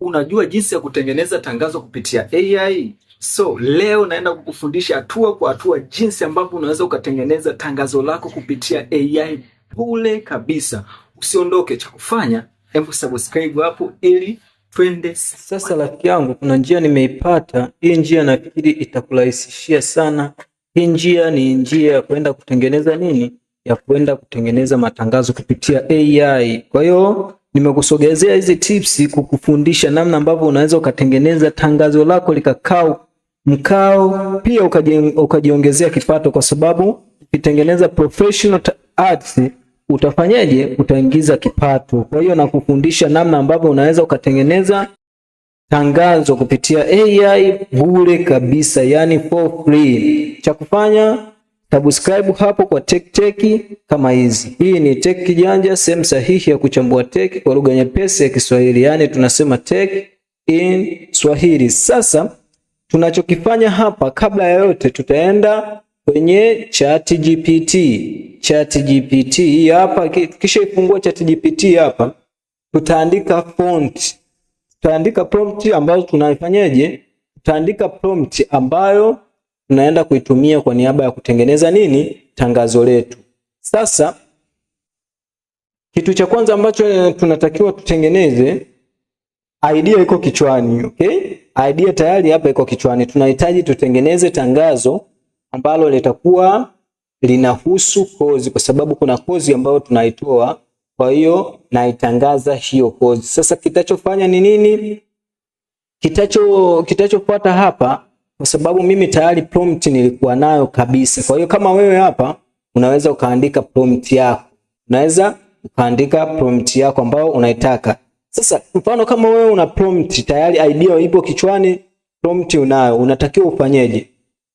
Unajua jinsi ya kutengeneza tangazo kupitia AI? So leo naenda kukufundisha hatua kwa hatua jinsi ambavyo unaweza ukatengeneza tangazo lako kupitia AI bure kabisa. Usiondoke, cha kufanya hebu subscribe hapo ili twende sasa. Rafiki yangu, kuna njia nimeipata. Hii njia nafikiri itakurahisishia sana. Hii njia ni njia ya kwenda kutengeneza nini, ya kwenda kutengeneza matangazo kupitia AI. Kwa hiyo Nimekusogezea hizi tips kukufundisha namna ambavyo unaweza ukatengeneza tangazo lako likakao mkao, pia ukajiongezea kipato, kwa sababu ukitengeneza professional ads utafanyaje? Utaingiza kipato. Kwa hiyo nakufundisha namna ambavyo unaweza ukatengeneza tangazo kupitia AI bure kabisa, yani for free. Cha kufanya Subscribe hapo kwa tech tech kama hizi. Hii ni Tech Kijanja, sehemu sahihi ya kuchambua tech kwa lugha nyepesi ya Kiswahili, yaani tunasema tech in Swahili. Sasa tunachokifanya hapa, kabla ya yote, tutaenda kwenye Chat GPT hii hapa, kisha ifungua GPT hapa, tutaandika font, tutaandika prompt ambayo tunaifanyaje, tutaandika prompt ambayo tunaenda kuitumia kwa niaba ya kutengeneza nini? Tangazo letu. Sasa kitu cha kwanza ambacho eh, tunatakiwa tutengeneze, idea iko kichwani, okay? Idea tayari hapa iko kichwani. Tunahitaji tutengeneze tangazo ambalo litakuwa linahusu kozi, kwa sababu kuna kozi ambayo tunaitoa, kwa hiyo naitangaza hiyo kozi. Sasa kitachofanya ni nini? Kitacho kitachofuata hapa kwa sababu mimi tayari prompt nilikuwa nayo kabisa. Kwa hiyo kama wewe hapa unaweza ukaandika prompt yako, unaweza ukaandika prompt yako ambayo unaitaka. Sasa mfano kama wewe una prompt tayari, idea ipo kichwani, prompt unayo, unatakiwa ufanyeje?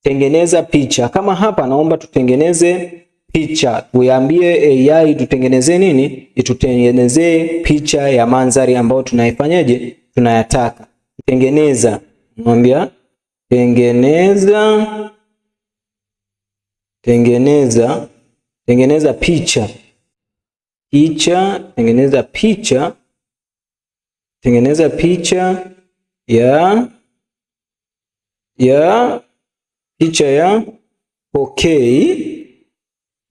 Tengeneza picha. Kama hapa naomba tutengeneze picha, tuambie AI tutengenezee nini? Itutengenezee picha ya mandhari ambayo tunaifanyaje, Tunayataka. Tengeneza, mwambia tengeneza tengeneza tengeneza picha picha tengeneza picha tengeneza picha ya ya picha ya pokei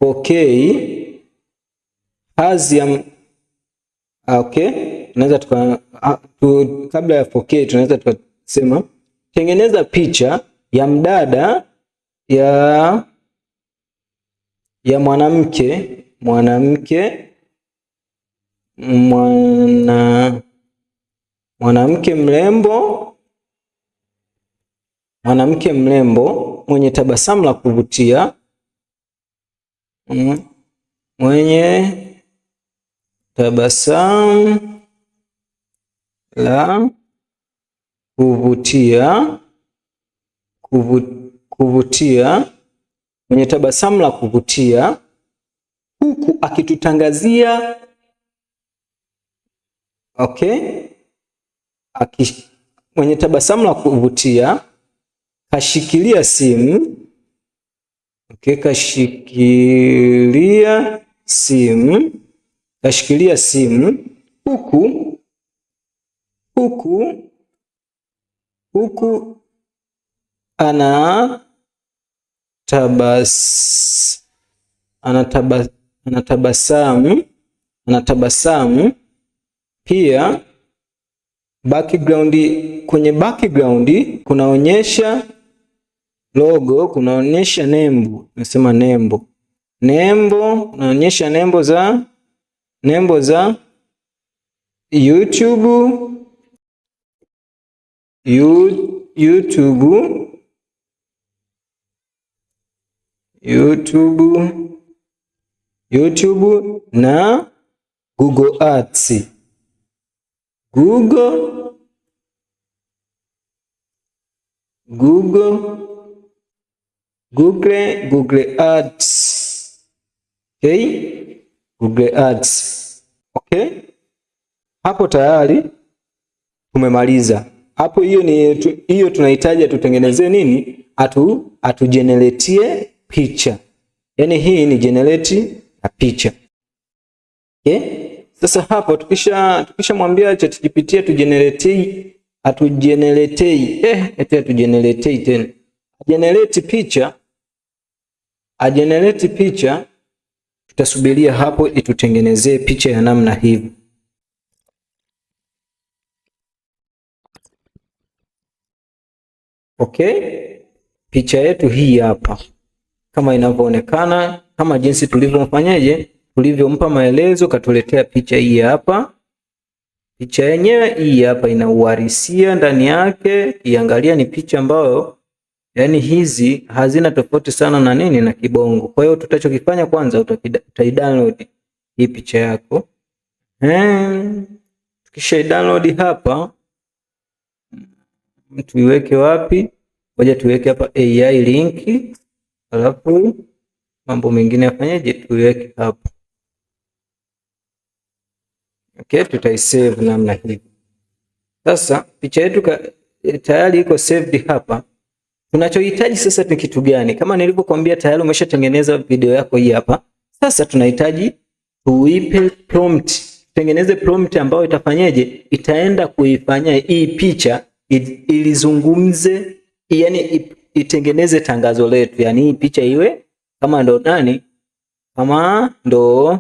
pokei hazi ya ah, okay, tunaweza tuka, ah, kabla ya pokei tunaweza tukasema tengeneza picha ya mdada ya, ya mwanamke mwanamke mwana mwanamke mrembo mwanamke mrembo mwenye tabasamu la kuvutia mm, mwenye tabasamu la kuvutia kuvu, kuvutia mwenye tabasamu la kuvutia huku akitutangazia okay, Aki, mwenye tabasamu la kuvutia kashikilia simu okay, kashikilia simu kashikilia simu huku huku huku ana tabas anatabas, anatabasamu anatabasamu pia background kwenye background kunaonyesha logo kunaonyesha nembo nasema nembo nembo naonyesha nembo za nembo za YouTube YouTube YouTube YouTube na Google Ads. Google Google Google Google Ads. Okay? Google Ads. Okay? Hapo tayari tumemaliza hapo, hiyo ni hiyo tunahitaji atutengenezee nini? Atu atujeneretie picha, yani hii ni generate na picha okay? Sasa hapo tukisha tukishamwambia ChatGPT atujeneretei atujeneretei eh eti atujeneretei tena generate picha ajenereti picha, tutasubiria hapo itutengenezee picha ya namna hivi. Okay, picha yetu hii hapa kama inavyoonekana, kama jinsi tulivyomfanyaje, tulivyompa maelezo, katuletea picha hii hapa. Picha yenyewe hii hapa ina uharisia ndani yake. Kiangalia ni picha ambayo yani hizi hazina tofauti sana na nini na kibongo. Kwa hiyo tutachokifanya kwanza, download hii picha yako, eh, kisha download hapa tuiweke wapi? Ngoja tuiweke hapa AI link, alafu mambo mengine yafanyeje? Tuiweke hapa. Okay, tutaisave namna hivi. Sasa picha yetu eh, tayari iko saved hapa. Tunachohitaji sasa ni kitu gani? Kama nilivyokuambia tayari umeshatengeneza video yako hii hapa. Sasa tunahitaji tuipe prompt, tengeneze prompt ambayo itafanyeje, itaenda kuifanya hii picha ilizungumze, yani itengeneze tangazo letu, yani hii picha iwe kama ndo nani, kama ndo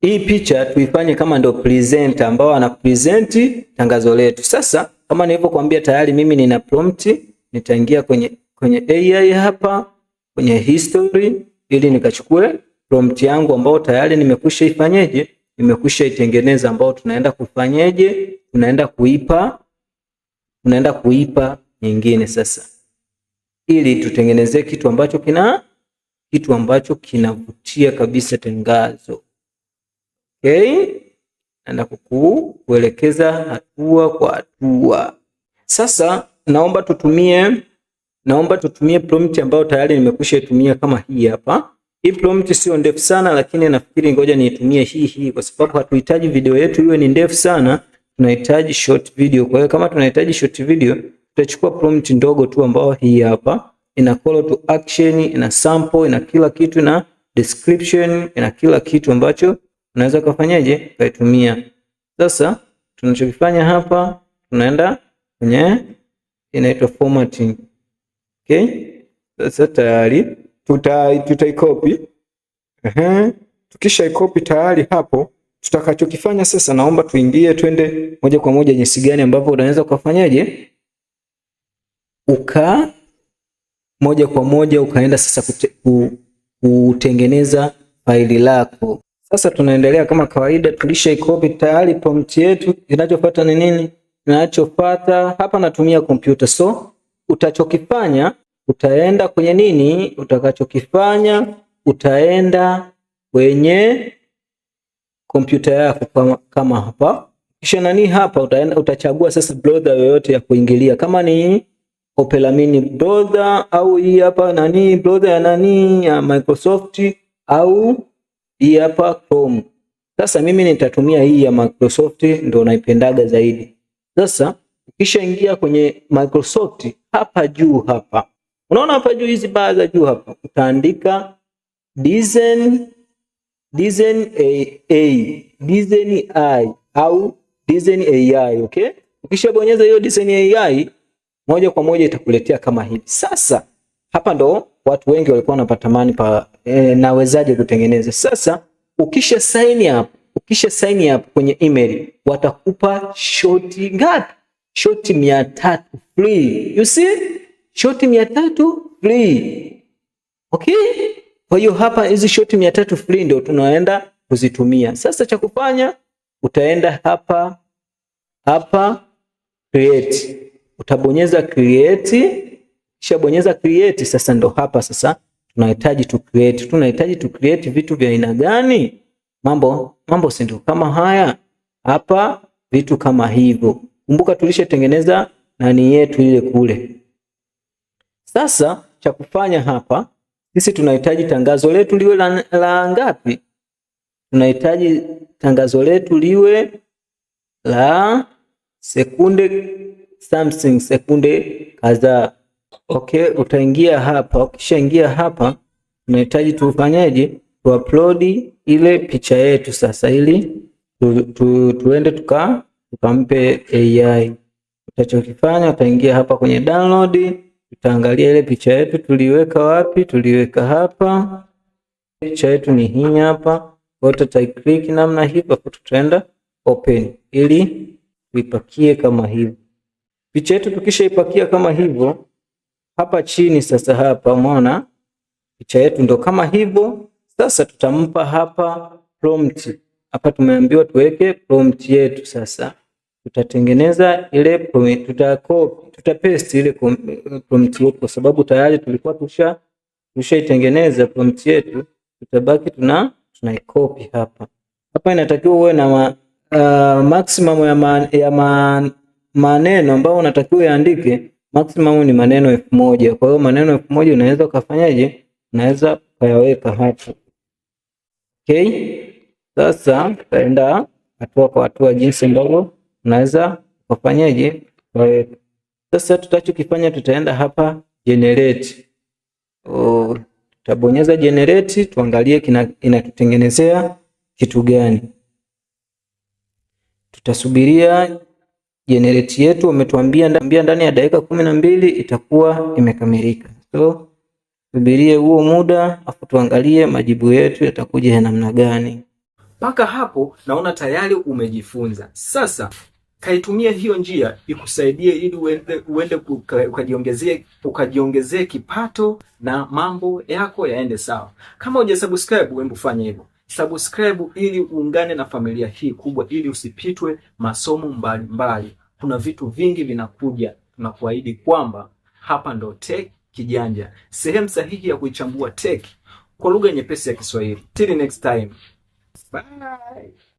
hii picha tuifanye kama ndo presenter ambao ana present tangazo letu. Sasa kama nilivyokuambia tayari, mimi nina prompt, nitaingia kwenye kwenye AI hapa kwenye history, ili nikachukue prompt yangu ambao tayari nimekwisha ifanyeje, nimekwisha itengeneza, ambao tunaenda kufanyeje, tunaenda kuipa unaenda kuipa nyingine sasa, ili tutengenezee kitu ambacho kina kitu ambacho kinavutia kabisa tangazo. Okay, naenda kukuelekeza hatua kwa hatua. Sasa naomba tutumie naomba tutumie prompt ambayo tayari nimekwisha itumia kama hii hapa. Hii prompt sio ndefu sana, lakini nafikiri ngoja niitumie hii hii, kwa sababu hatuhitaji video yetu iwe ni ndefu sana tunahitaji short video. Kwa hiyo kama tunahitaji short video, tutachukua prompt ndogo tu ambayo hii hapa ina call to action, ina sample, ina kila kitu na description, ina kila kitu ambacho unaweza kufanyaje kaitumia. Sasa tunachokifanya hapa, tunaenda kwenye inaitwa formatting. Okay, sasa tayari tutai tutaikopi, ehe, Tukisha tukishaikopi tayari hapo Tutakachokifanya sasa, naomba tuingie, twende moja kwa moja jinsi gani ambavyo unaweza ukafanyaje uka moja kwa moja ukaenda sasa kute, u, kutengeneza faili lako. Sasa tunaendelea kama kawaida, tulisha ikopi tayari prompt yetu. Kinachofuata ni nini? Kinachofuata hapa natumia kompyuta, so utachokifanya utaenda kwenye nini, utakachokifanya utaenda kwenye kompyuta yako kama, kama hapa. Kisha nani hapa utaenda, utachagua sasa browser yoyote ya kuingilia kama ni Opera Mini browser au hii hapa nani browser ya nani ya Microsoft au hii hapa Chrome. Sasa mimi nitatumia hii ya Microsoft ndio naipendaga zaidi. Sasa ukisha ingia kwenye Microsoft hapa juu hapa. Unaona hapa juu hizi baa za juu hapa utaandika design Dizen A, Dizen I au Dizen AI, okay? Ukishabonyeza hiyo Dizen AI moja kwa moja itakuletea kama hivi. Sasa hapa ndo watu wengi walikuwa wanapatamani pa e, nawezaje kutengeneza. Sasa ukisha sign up, ukisha sign up kwenye email watakupa shoti ngapi? Shoti 300 free. You see? Shoti 300 free. Okay? Kwa hiyo hapa hizi shoti mia tatu free ndio tunaenda kuzitumia. Sasa cha kufanya utaenda hapa hapa create, utabonyeza create, kisha bonyeza create. Sasa ndo hapa sasa tunahitaji tu create, tunahitaji tu create vitu vya aina gani? Mambo mambo si ndio kama haya hapa, vitu kama hivyo. Kumbuka tulishatengeneza nani yetu ile kule. Sasa cha kufanya hapa sisi tunahitaji tangazo letu liwe la, la ngapi? Tunahitaji tangazo letu liwe la sekunde something, sekunde kadhaa. Okay, utaingia hapa. Ukishaingia hapa, tunahitaji tufanyeje? Tuupload ile picha yetu sasa, ili tu, tu, tuende tuka tukampe AI. Utachokifanya utaingia hapa kwenye download Tutaangalia ile picha yetu tuliweka wapi? Tuliweka hapa. Picha yetu ni hii hapa. Kwa tutai click namna hii, hapo tutaenda open ili tuipakie kama hivi. Picha yetu tukishaipakia kama hivyo hapa chini sasa, hapa umeona picha yetu ndo kama hivyo. Sasa tutampa hapa prompt. Hapa tumeambiwa tuweke prompt yetu. Sasa tutatengeneza ile prompt, tutakopi tutapaste ile eh, prompt yetu, kwa sababu tayari tulikuwa tusha tushaitengeneza prompt yetu, tutabaki tuna tunaicopy hapa hapa. Inatakiwa uwe na ma, uh, maximum ya, ma, ya ma, maneno ambayo unatakiwa yaandike. Maximum ni maneno elfu moja. Kwa hiyo maneno elfu moja unaweza ukafanyaje? Unaweza ukayaweka hapo. Okay, sasa tutaenda hatua kwa hatua jinsi ambavyo unaweza ukafanyaje ukaweka sasa tutachokifanya tutaenda hapa generate. Oh, tutabonyeza generate tuangalie inatutengenezea kitu gani. Tutasubiria generate yetu, wametuambia ndani ya dakika kumi na mbili itakuwa imekamilika. So subirie huo muda afu tuangalie majibu yetu yatakuja ya namna gani. Mpaka hapo naona tayari umejifunza sasa kaitumia hiyo njia ikusaidie ili uende, uende ukajiongezee ukajiongezee kipato na mambo yako yaende sawa. Kama hujasubscribe, hebu fanya hivyo, subscribe ili uungane na familia hii kubwa, ili usipitwe masomo mbalimbali mbali. Kuna vitu vingi vinakuja, tunakuahidi kwamba hapa ndo Tech Kijanja, sehemu sahihi ya kuichambua tech kwa lugha nyepesi ya Kiswahili. Till next time. Bye.